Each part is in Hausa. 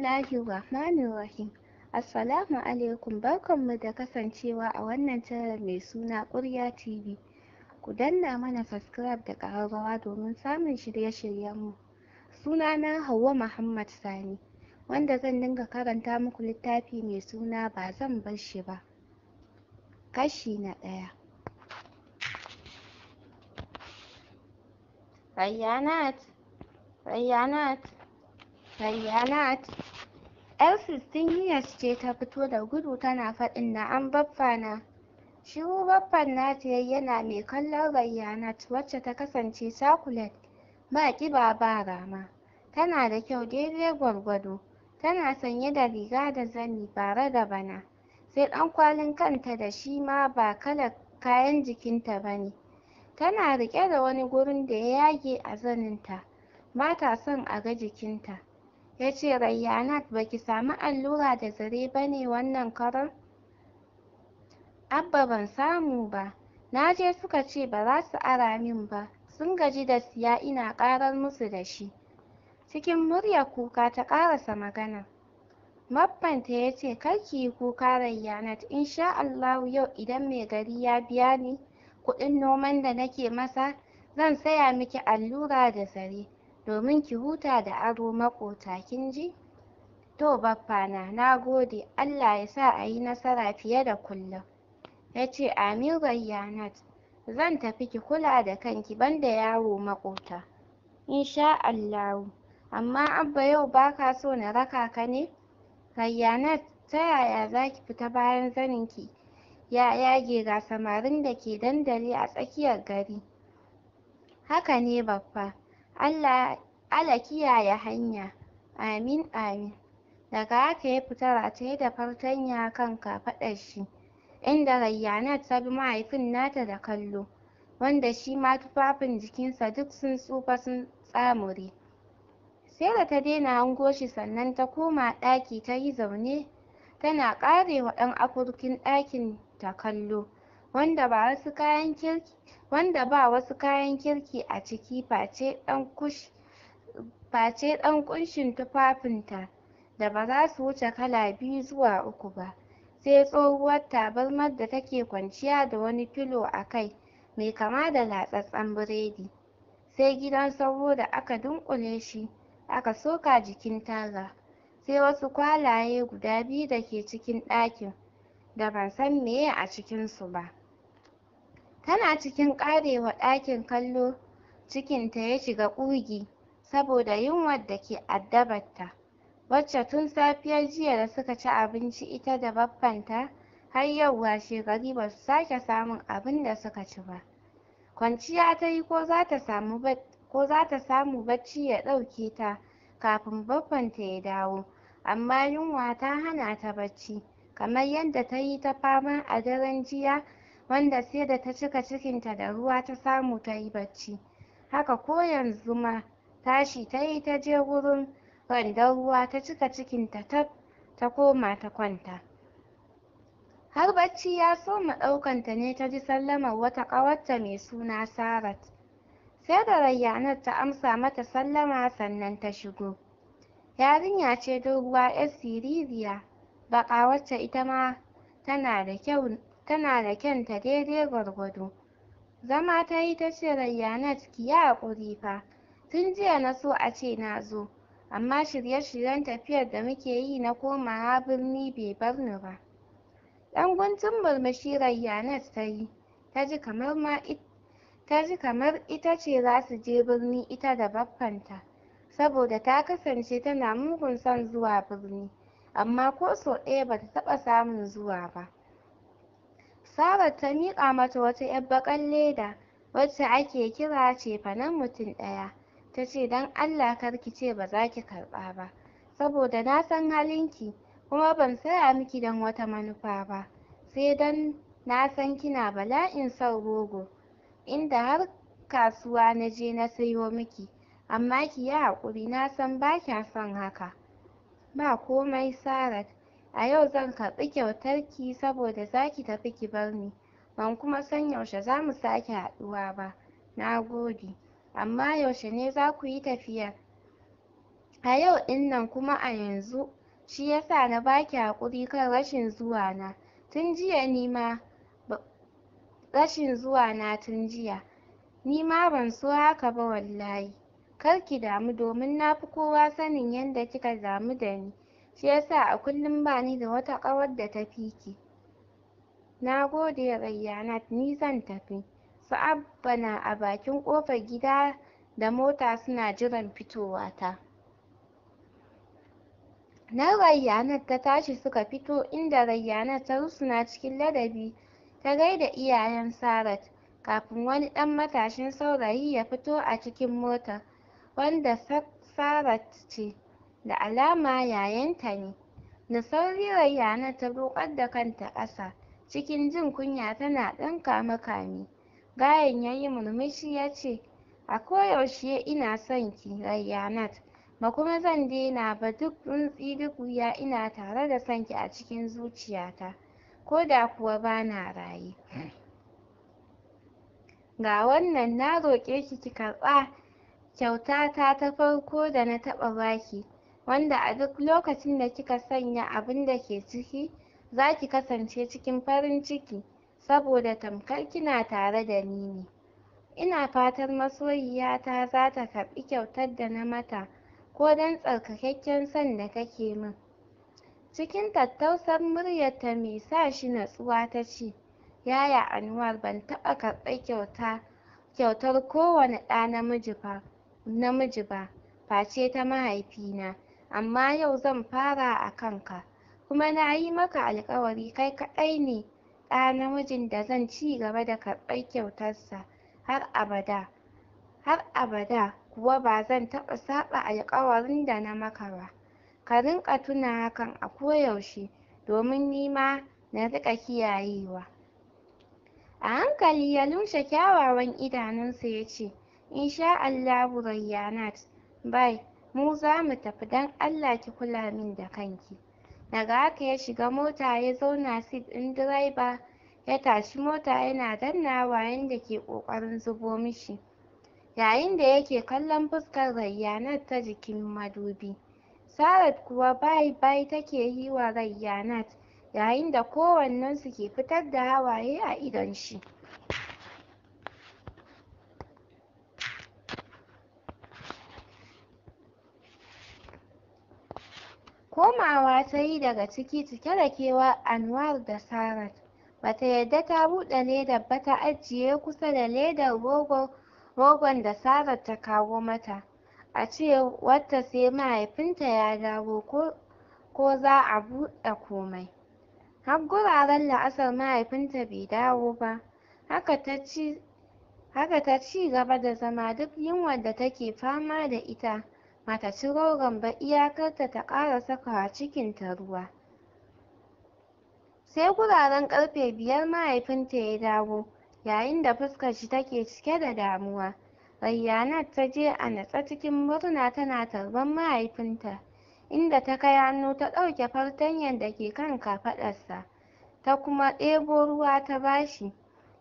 bismillahi Rahmanir Rahim. Assalamu alaikum barkanmu da kasancewa a wannan tara mai suna Ƙurya TV. Ku danna mana subscribe da ƙararrawa domin samun shirye-shiryenmu. na Hauwa Muhammad Sani, wanda zan dinga karanta muku littafi mai suna ba zan bar shi ba. Kashi na ɗaya. Rayyanat, Rayyanat, Rayyanat. Yar sixteen years ce ta fito da gudu tana faɗin an baffa na. Shiru baffan nata ta yana mai kallon Rayyanat wacce ta kasance sakulet ba ƙiba ba rama. Tana da kyau daidai gwargwado. Tana sanye da riga da zani bare da bana. Sai ɗan kwalin kanta da shi ma ba kalar kayan jikinta ba ne. Tana riƙe da wani gurin da ya yage a zaninta. Ba ta son a ga jikinta. ya ce Rayyanat ba ki sami allura da zare ba ne wannan karar. Abba ban samu ba, na je suka ce ba za su ara min ba, sun gaji da siya ina ƙarar musu da shi. Cikin murya kuka ta ƙarasa magana. Mabbanta ya ce ki yi kuka Rayyanat insha Allahu yau idan mai gari ya biya ni kuɗin noman da nake masa zan saya miki allura da zare. domin ki huta da aro makota kin ji to Baffa na gode allah ya sa a yi nasara fiye da kullum ya ce amin rayyanat zan tafi ki kula da kanki banda yawo makota insha allahu amma abba yau baka so na raka ka ne rayyanat ta yaya za ki fita bayan ki? ya yage ga samarin da ke dandali a tsakiyar gari haka ne baffa Allah Allah kiyaye hanya amin amin daga haka ya fita rataye da fartanya kan kafaɗar shi inda Rayyanat ta bi mahaifin nata da kallo wanda shi ma tufafin jikinsa duk sun tsufa sun tsamure sai da ta daina hango shi sannan ta koma ɗaki ta yi zaune tana ƙarewa ɗan afurkin ɗakin ta kallo wanda ba wasu kayan kirki wanda ba wasu kayan kirki a ciki face ɗan kush face ƙunshin tufafinta da ba za su wuce kala biyu zuwa uku ba sai tsohuwar tabarmar da take kwanciya da wani filo a kai mai kama da latsatsen biredi sai gidan sauro da aka dunkule shi aka soka jikin taga sai wasu kwalaye guda biyu da ke cikin ɗakin da ban san meye a cikinsu ba Tana cikin ƙarewa ɗakin kallo cikinta ya shiga ƙugi saboda yunwar da ke addabarta wacce tun safiyar jiya da suka ci abinci ita da baffanta har yau washegari ba su sake samun abin da suka ci ba. Kwanciya ta yi ko za ta samu bacci ya ɗauke ta kafin baffanta ya dawo, amma yunwa ta hana ta bacci kamar yadda ta yi ta fama a daren jiya wanda sai da ta cika cikinta da ruwa ta samu ta yi bacci haka ko yanzu ma tashi ta yi ta je wurin ruwa ta cika cikinta ta ta koma ta kwanta har bacci ya so soma ɗaukanta ne ta ji sallamar wata ƙawarta mai suna sarat sai da rayyanar ta amsa mata sallama sannan ta shigo yarinya ce don ruwa, yar siririya baƙa wacce ita ma tana da kyau tana da kyanta daidai gwargwado zama ta yi ta ce rayyanat ki yi haƙuri fa tun jiya na so a ce na zo amma shirye-shiryen tafiyar da muke yi na komawa birni bai bar ni ba ɗan guntun murmushi rayyanat ta yi ta ji kamar ta ji kamar ita ce za su je birni ita da baffanta saboda ta kasance tana mugun son zuwa birni amma ko sau ɗaya ba ta taɓa samun zuwa ba sabar ta miƙa mata wata 'yar baƙar leda wacce ake kira cefanen mutum ɗaya. Ta ce don Allah kar ki ce ba za ki karɓa ba, saboda na san halinki kuma ban saya miki don wata manufa ba, sai don na san kina bala'in son rogo, inda har kasuwa na je na sayo miki, amma ki yi haƙuri na san ba kya son haka. Ba komai Sarat, a yau zan karɓi kyautar ki saboda zaki tafi ki bar ni ban kuma san yaushe za mu sake haɗuwa ba na gode amma yaushe ne za ku yi tafiyar a yau ɗin nan kuma a yanzu shi yasa na baki haƙuri kan rashin zuwa na tun jiya ni ma rashin zuwa na tun jiya ni ma ban so haka ba wallahi kar ki damu domin na fi kowa sanin yadda kika damu da ni shi yasa a kullum bani da wata ƙawar da ta fi na gode Rayyanat ni zan tafi su Abba na a bakin ƙofar gida da mota suna jiran fitowa ta. Na Rayyanat ta tashi suka fito inda Rayyanat ta rusuna cikin ladabi ta gaida iyayen Sarat kafin wani ɗan matashin saurayi ya fito a cikin motar wanda Sarat ce da alama yayanta ne da sauri rayyana ta roƙar da kanta ƙasa cikin jin kunya tana ɗan makami ne. gayen ya yi murmushi ya ce a koyaushe ina son ki rayyanat ba kuma zan daina ba duk runtsi duk wuya ina tare da son ki a cikin zuciyata ko da kuwa ba na raye ga wannan na roƙe ki ki karɓa kyautata ta farko da na taɓa baki wanda a duk lokacin da kika sanya abin da ke ciki zaki kasance cikin farin ciki saboda tamkar kina tare da ni ne ina fatar masoyiyata zata karɓi kyautar da na mata ko don tsarkakakken son da kake min cikin tattausar muryarta mai sa shi natsuwa ta ce yaya anuwar ban taɓa karɓar kyauta kyautar kowane ɗa namiji ba namiji ba face ta mahaifina amma yau zan fara a kanka kuma na yi maka alkawari kai kaɗai ne ɗa namijin da zan ci gaba da karɓar kyautarsa har abada har abada kuwa ba zan taɓa saɓa alkawarin da na maka ba ka rinƙa tuna hakan a koyaushe domin ni ma na riƙa kiyayewa a hankali ya lumshe kyawawan idanunsa ya ce sha Allahu Rayyanat bye mu za mu tafi don Allah ki kula min da kanki daga haka ya shiga mota ya zauna sit ɗin direba ya tashi mota yana danna dannawa da ke ƙoƙarin zubo mishi yayin da yake kallon fuskar rayyana ta jikin madubi Sarat kuwa bai bai take yi wa Rayyanat yayin da kowannensu ke fitar da hawaye a idon shi Komawa ta yi daga ciki cike da kewar Anwar da Sarat. Ba ta yadda ta buɗe ledar ba ta ajiye kusa da ledar rogon da Sarat ta kawo mata. A ce cewarta sai mahaifinta ya dawo ko za a buɗe komai. Har guraren la'asar mahaifinta bai dawo ba. Haka ta ci gaba da zama duk yunwar da take fama da ita Mata ci rogon ba iyakarta ta ƙara sakawa cikinta ruwa sai guraren karfe biyar mahaifinta ya dawo yayin da fuskar shi take cike da damuwa Rayyanat ta je a natsa cikin murna tana tarban mahaifinta inda ta kai hannu ta ɗauke fartanyan da ke kan kafaɗarsa ta kuma ɗebo ruwa ta bashi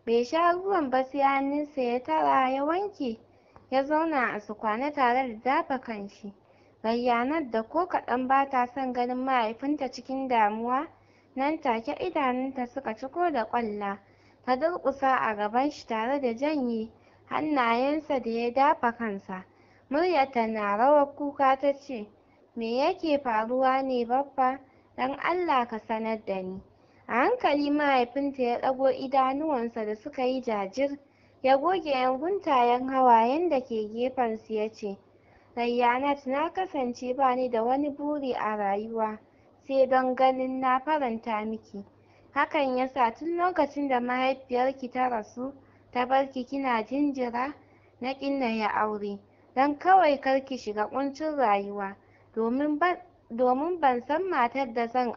bai sha ruwan ba sai hannunsa ya tara ya wanke ya zauna a sukwane tare da dafa kanshi Rayyanar da ko kaɗan ba ta son ganin mahaifinta cikin damuwa nan take idanunta suka ciko da ƙwalla ta durƙusa a gaban shi tare da janye hannayensa da ya dafa kansa muryarta na rawar kuka ta ce me yake faruwa ne baffa don Allah ka sanar da ni a hankali mahaifinta ya ɗago idanuwansa da suka yi jajir ya goge 'yan guntayen hawayen da ke gefen ya ce rayyanat na kasance ba ni da wani buri a rayuwa sai don ganin na faranta miki hakan ya sa tun lokacin da mahaifiyarki ta rasu ta barki kina jinjira na ya aure don kawai karki shiga ƙuncin rayuwa domin ban san matar da zan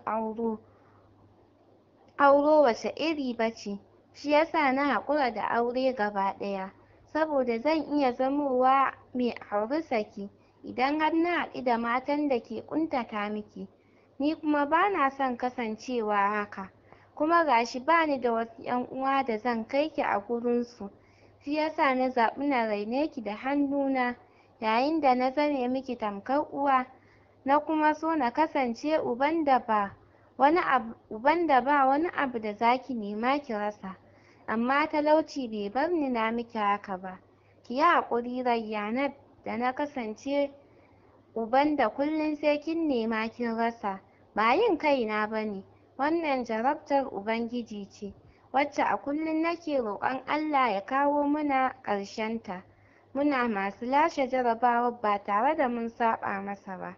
auro wace iri ba ce shi yasa na haƙura da aure gaba ɗaya saboda zan iya zamowa mai auri saki idan har na haɗu da matan da ke ƙuntata miki ni kuma ba na son kasancewa haka kuma gashi ba ni da wasu 'yan uwa da zan kai ki a gurinsu shi yasa na zaɓi na raine ki da hannuna yayin da na zame miki tamkar uwa na kuma so na kasance uban da ba wani abu uban da ba wani abu da zaki nema ki rasa amma talauci bai bar ni na miki haka ba ki yi haƙuri Rayyanat da na kasance uban da kullum sai kin nema kin rasa ba yin kaina ba ne wannan jarabtar ubangiji ce wacce a kullum nake roƙon Allah ya kawo muna ƙarshenta muna masu lashe jarabawar ba tare da mun saba masa ba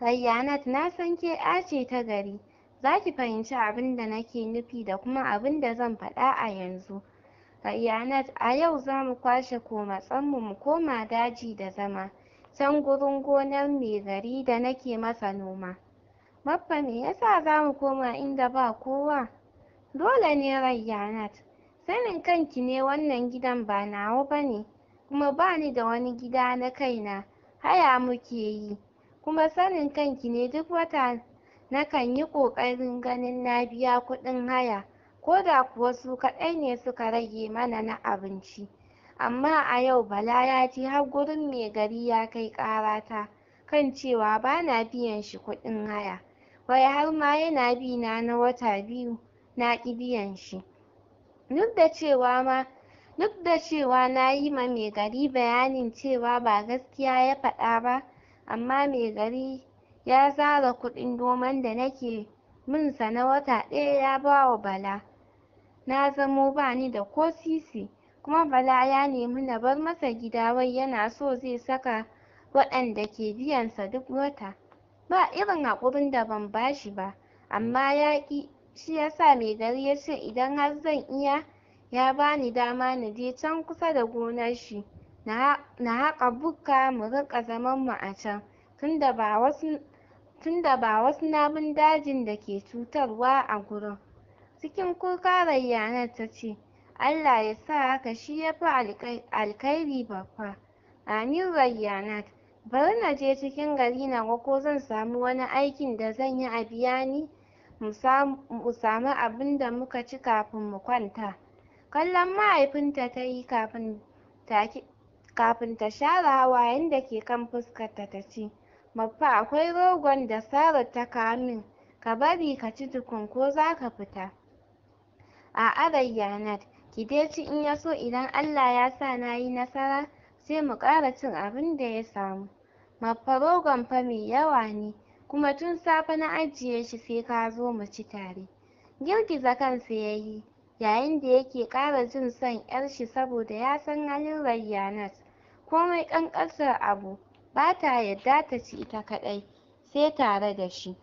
Rayyanat na san ke ce ta gari za ki fahimci abin da nake nufi da kuma abin da zan faɗa a yanzu Rayyanat a yau za mu kwashe komatsanmu mu koma daji da zama can gurin gonar mai gari da nake masa noma Baffa me yasa za mu koma inda ba kowa? Dole ne Rayyanat, sanin kanki ne wannan gidan ba nawa ba ne, kuma ba ni da wani gida na kaina, haya muke yi, kuma sanin kanki ne duk wata nakan yi ƙoƙarin ganin na biya kuɗin haya ko da kuwa su kaɗai ne suka rage mana na abinci amma a yau Bala ya ji har gurin mai gari ya kai ƙarata kan cewa ba na biyan shi kuɗin haya wai har ma yana bi na na wata biyu na ƙi biyan shi duk da cewa ma duk da cewa na yi ma mai gari bayanin cewa ba gaskiya ya faɗa ba amma mai gari ya zara kuɗin noman da nake sa na wata ɗaya ya bawa Bala na zamo bani da ko sisi kuma Bala ya nemi na bar masa gida wai yana so zai saka waɗanda ke biyan sa duk wata ba irin haƙurin da ban bashi ba amma ya shi yasa mai gari ya ce idan har zan iya ya bani dama na je can kusa da gonar shi na haƙa bukka mu riƙa zaman mu a can tunda ba wasu tunda ba wasu namun dajin da ke cutarwa a gurin cikin kuka Rayyanat ta ce Allah ya sa haka shi ya fi alkhairi babba amin Rayyanat bari na je cikin gari na ga zan samu wani aikin da zan yi a biya ni mu samu abin da muka ci kafin mu kwanta kallon mahaifinta ta yi kafin ta share hawayen da ke kan fuskarta ta ce Baffa akwai rogon da Sarah ta kawo min, ka bari ka ci tukun ko za ka fita. A'a Rayyanat, ki dai ci in ya so idan Allah ya sa na yi nasara sai mu ƙara cin abin da ya samu. Baffa rogon fa mai yawa ne, kuma tun safe na ajiye shi sai ka zo mu ci tare. Girgiza kansa ya yi, yayin da yake ƙara jin son 'yar shi saboda ya san halin Rayyanat. Komai ƙanƙasar abu, bata yadda ta ci ita kaɗai sai tare da shi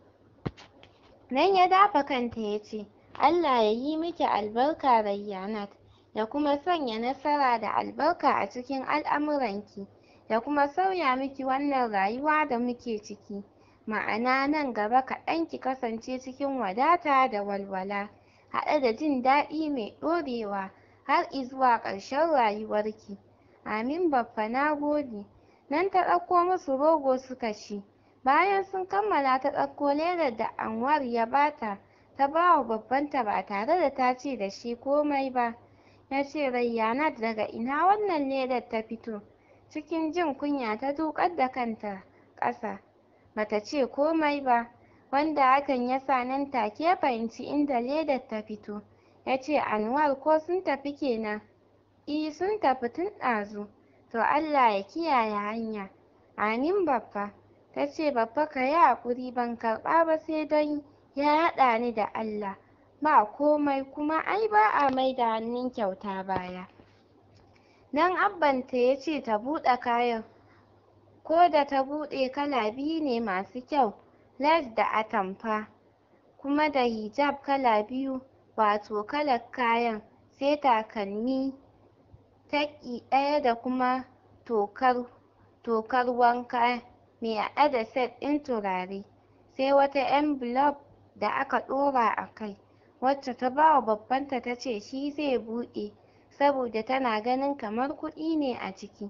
nan ya dafa kanta ya ce Allah ya yi miki albarka Rayyanat ya kuma sanya nasara da albarka a cikin al'amuranki ya kuma sauya miki wannan rayuwa da muke ciki ma'ana nan gaba kaɗan ki kasance cikin wadata da walwala haɗe da jin daɗi mai ɗorewa har zuwa ƙarshen rayuwarki amin baffa na gode nan ta ɗauko musu rogo suka ci bayan sun kammala ta ɗauko ledar da anwar ya bata ta ba wa babbanta ba tare da ta ce da shi komai ba ya ce rayyana daga ina wannan ledar ta fito cikin jin kunya ta dukar da kanta ƙasa bata ce komai ba wanda hakan ya sa nan take fahimci inda ledar ta fito ya ce anwar ko sun tafi kenan i eh, sun tafi tun ɗazu to Allah ya kiyaye hanya amin babba ta ce babba ka yi haƙuri ban karɓa ba sai don ya haɗa ni da Allah ba komai kuma ai ba a mai da hannun kyauta baya nan abbanta ya ce ta buɗe kayan ko da ta buɗe kala biyu ne masu kyau las da atamfa kuma da hijab kala biyu wato kalar kayan sai takalmi taƙi ɗaya da kuma tokar tokar wanka mai haɗe da set ɗin turare sai wata envelope da aka ɗora a kai wacce ta ba wa babbanta ta ce shi zai buɗe saboda tana ganin kamar kuɗi ne a ciki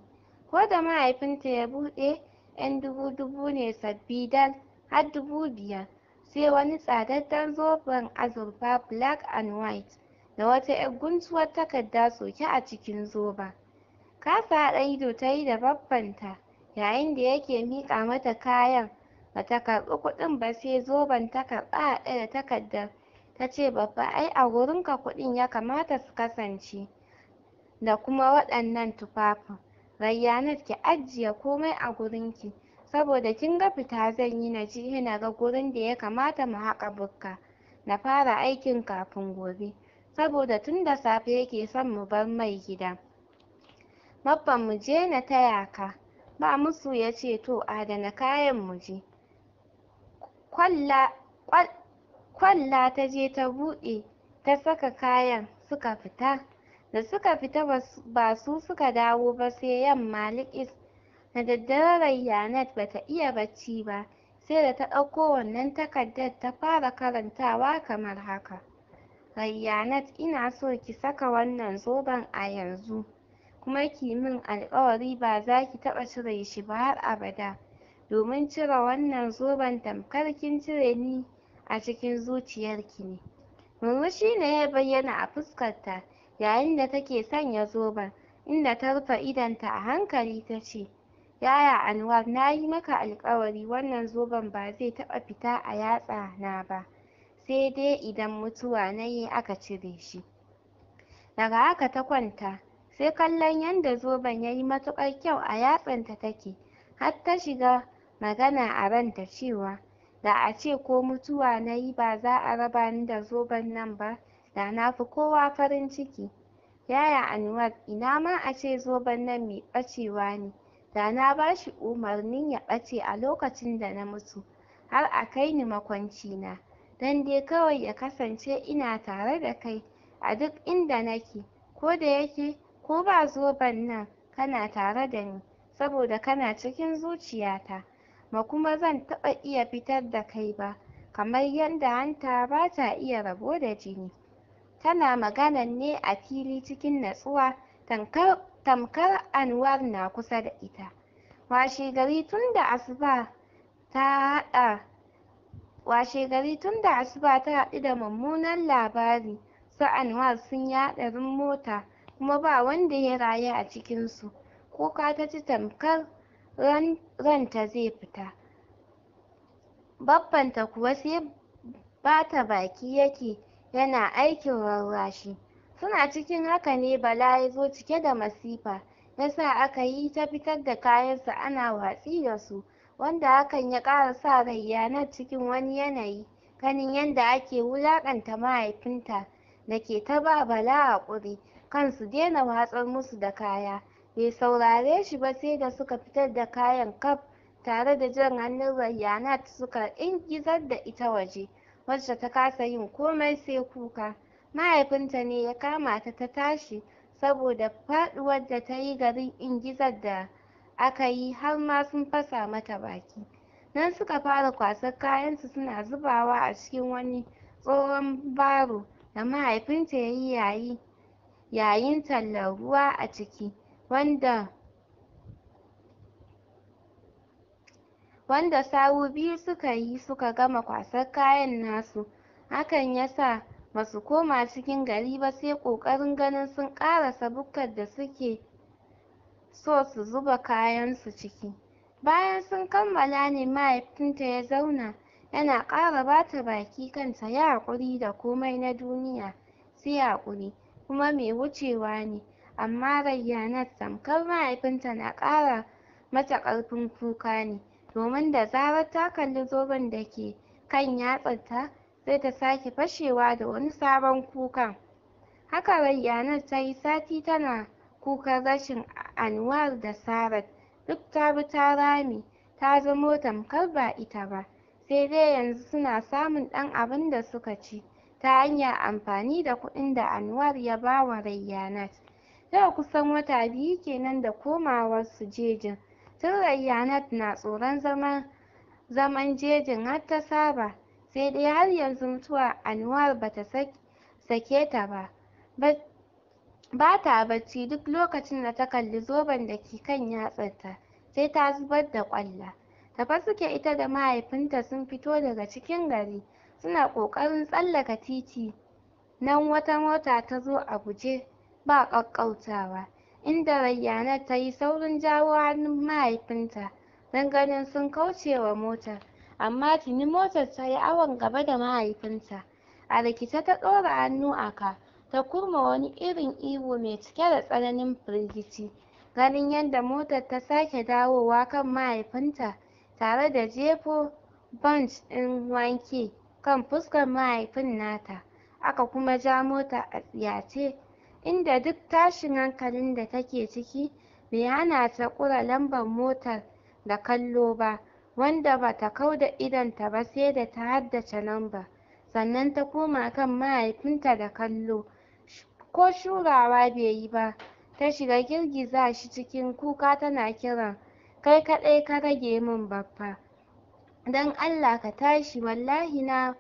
ko da mahaifinta ya buɗe 'yan dubu-dubu ne sabbi dal har dubu biyar sai wani tsadaddan zoben azurfa black and white da wata ƴar guntuwar takarda soke a cikin zoben kasa haɗa ido yi da baffanta yayin da yake miƙa mata kayan Ba ta karɓi kuɗin ba sai zoben ta karɓa haɗe da takardar tace babba ai a wurinka kuɗin ya kamata su kasance da kuma waɗannan tufafin Rayyanat ki ajiye komai a gurinki saboda kin ga fita zan yi na je na ga gurin da ya kamata mu haƙa bukka na fara aikin kafin gobe saboda tun da safe yake son mu bar mai gida Babban mu je na taya ka ba musu ya ce to adana kayan mu je kwalla ta je ta buɗe ta saka kayan suka fita da suka fita ba su suka dawo ba sai yamma likis na daddare rayyanet ba ta iya bacci ba sai da ta ɗauko wannan takardar ta fara karantawa kamar haka Rayyanat ina so ki saka wannan zoben a yanzu kuma ki min alƙawari ba za ki taɓa cire shi ba har abada domin cire wannan zoben tamkar kin cire ni a cikin zuciyarki ne murmushi ne ya bayyana a fuskarta yayin da take sanya zoben inda ta rufe idonta a hankali ta ce yaya Anwar na yi maka alƙawari wannan zoben ba zai taɓa fita a yatsa na ba sai dai idan mutuwa na yi aka cire shi daga haka ta kwanta sai kallon yadda zoben ya yi matuƙar kyau a yatsanta take har ta shiga magana a ranta cewa da a ce ko mutuwa na yi ba za a raba ni da zoben nan ba da na fi kowa farin ciki yaya anuwar ina ma a ce zoben nan mai ɓacewa ne da na ba shi umarnin ya ɓace a lokacin da na mutu har a kai ni makwancina don dai kawai ya kasance ina tare da kai a duk inda nake ko da yake ko ba zoben nan kana tare da ni saboda kana cikin zuciyata ba kuma zan taɓa iya fitar da kai ba kamar yadda hanta ba ta iya rabo da jini tana maganan ne a fili cikin natsuwa tamkar anwar na kusa da ita washe gari tun da asuba ta haɗa Washegari tun da asuba ta haɗu da mummunan labari su Anwar sun yi haɗarin mota kuma ba wanda ya rayu a cikinsu. ko ka ta ci tamkar ranta zai fita. Babbanta kuwa sai ba ta baki yake yana aikin rarrashi. Suna cikin haka ne Bala ya zo cike da masifa ya sa aka yi ta fitar da kayansa ana watsi da su. wanda hakan ya ƙara sa rayyana cikin wani yanayi ganin yadda ake wulaƙanta mahaifinta da ke ta ba Bala haƙuri kan su daina watsar musu da kaya bai saurare shi ba sai da suka fitar da kayan kaf tare da jan hannun Rayyanat suka ingizar da ita waje wacce ta kasa yin komai sai kuka mahaifinta ne ya kama ta tashi saboda faɗuwar da ta yi garin ingizar da aka yi har ma sun fasa mata baki nan suka fara kwasar kayansu suna zubawa a cikin wani tsohon baro da mahaifinta ya yi yayi yayin tallar ruwa a ciki wanda wanda sawu biyu suka yi suka gama kwasar kayan nasu hakan ya sa ba su koma cikin gari ba sai ƙoƙarin ganin sun ƙarasa bukkar da suke so su zuba kayansu ciki bayan sun kammala ne mahaifinta ya zauna yana ƙara bata baki kanta ya haƙuri da komai na duniya sai haƙuri kuma mai wucewa ne amma Rayyanat tamkar mahaifinta na ƙara mata ƙarfin kuka ne domin da zarar ta kalli zoben da ke kan yatsarta sai ta sake fashewa da wani sabon kukan haka rayyanar ta yi sati tana kukan rashin Anwar da Sarat duk ta bi ta rame ta zamo tamkar ba ita ba sai dai yanzu suna samun ɗan abin da suka ci ta hanyar amfani da kuɗin da Anwar ya ba wa Rayyanat yau kusan wata biyu kenan da komawar su jejin tun Rayyanat na tsoron zaman zaman jejin har ta saba sai dai har yanzu mutuwa Anwar bata sake ta ba Bata bacci duk lokacin da ta kalli zoben da ke kan yatsarta sai ta zubar da ƙwalla. tafaske suke ita da mahaifinta sun fito daga cikin gari suna ƙoƙarin tsallaka titi nan wata mota ta zo a guje ba ƙaƙƙautawa inda Rayyanat ta yi saurin jawo hannun mahaifinta don ganin sun kauce wa motar amma tuni motar ta yi awon gaba da mahaifinta a rikice ta ɗora hannu a ka ta kurma wani irin ihu mai cike da tsananin firgici ganin yadda motar ta sake dawowa kan mahaifinta tare da jefo bunch ɗin wanke kan fuskar mahaifin nata aka kuma ja mota a tsiyace inda duk tashin hankalin da take ciki bai hana ta kura lambar motar da kallo ba wanda bata da idonta ba sai da ta haddace lambar sannan ta koma kan mahaifinta da kallo ko shugawa bai yi ba ta shiga girgiza shi cikin kuka tana kiran kai kaɗai ka rage min baffa don Allah ka tashi wallahi na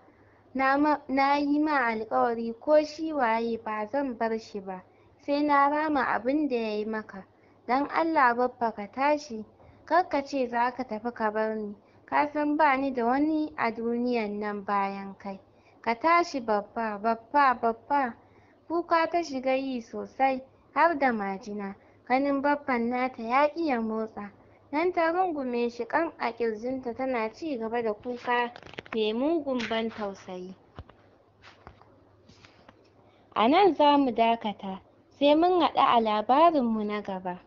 na yi ma alkawari ko shi waye ba zan bar shi ba sai na rama abin da ya yi maka don Allah baffa ka tashi kar ka ce za ka tafi ka bar ni ka san ba ni da wani a duniyan nan bayan kai ka tashi baffa baffa baffa kuka ta shiga yi sosai har da majina ganin babban nata ya iya motsa nan ta rungume shi kan a ƙirjinta tana ci gaba da kuka mai mugun ban tausayi a nan za mu dakata sai mun haɗu a labarinmu na gaba